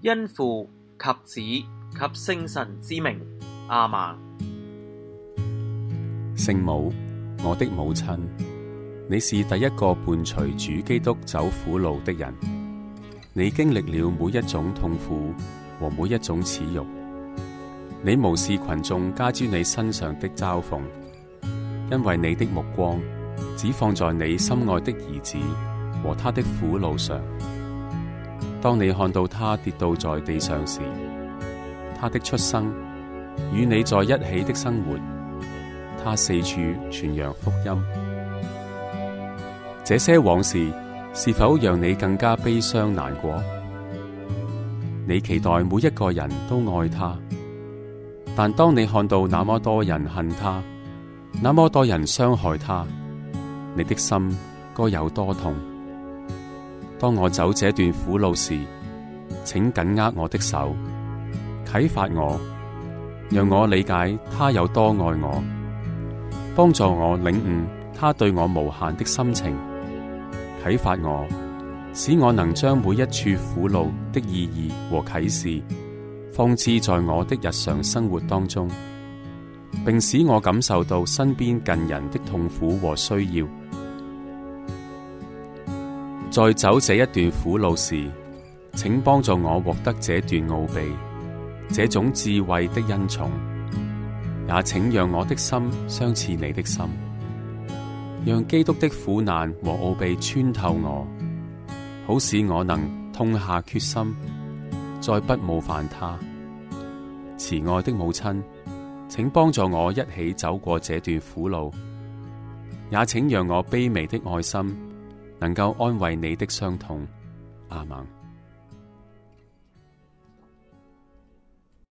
因父及子及聖神之名，阿嫲聖母，我的母親，你是第一個伴隨主基督走苦路的人。你經歷了每一種痛苦和每一種恥辱。你無視群眾加諸你身上的嘲諷，因為你的目光只放在你心愛的兒子和他的苦路上。當你看到他跌倒在地上時，他的出生與你在一起的生活，他四處傳揚福音，這些往事是否讓你更加悲傷難過？你期待每一個人都愛他，但當你看到那麼多人恨他，那麼多人傷害他，你的心該有多痛？當我走這段苦路時，請緊握我嘅手，啟發我，讓我理解他有多愛我，幫助我領悟他對我無限嘅心情，啟發我，使我能將每一處苦路嘅意義和啟示，放置在我的日常生活當中，並使我感受到身邊近人的痛苦和需要。在走這一段苦路時，請幫助我獲得這段奧秘、這種智慧的恩寵，也請讓我的心相似你的心，讓基督的苦難和奧秘穿透我，好使我能痛下決心，再不冒犯他。慈愛的母親，請幫助我一起走過這段苦路，也請讓我卑微的愛心。能夠安慰你的傷痛，阿孟。